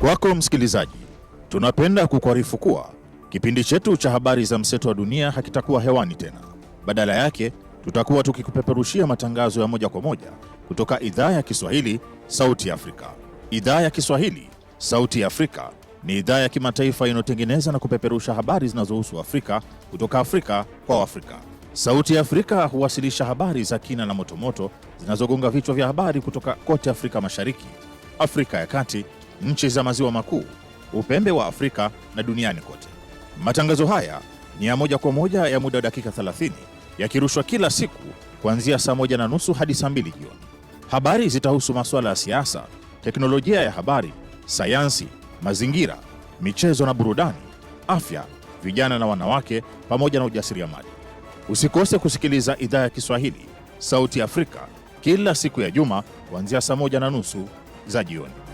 Kwako msikilizaji, tunapenda kukuarifu kuwa kipindi chetu cha habari za mseto wa dunia hakitakuwa hewani tena. Badala yake, tutakuwa tukikupeperushia matangazo ya moja kwa moja kutoka idhaa ya Kiswahili, Sauti ya Afrika. Idhaa ya Kiswahili, Sauti ya Afrika ni idhaa ya kimataifa inayotengeneza na kupeperusha habari zinazohusu Afrika kutoka Afrika kwa afrika Sauti ya Afrika huwasilisha habari za kina na motomoto zinazogonga vichwa vya habari kutoka kote Afrika Mashariki, Afrika ya Kati nchi za maziwa makuu, upembe wa Afrika na duniani kote. Matangazo haya ni ya moja kwa moja ya muda wa dakika 30 yakirushwa kila siku kuanzia saa moja na nusu hadi saa mbili jioni. Habari zitahusu masuala ya siasa, teknolojia ya habari, sayansi, mazingira, michezo na burudani, afya, vijana na wanawake, pamoja na ujasiriamali. Usikose kusikiliza idhaa ya Kiswahili, Sauti ya Afrika, kila siku ya juma kuanzia saa moja na nusu za jioni.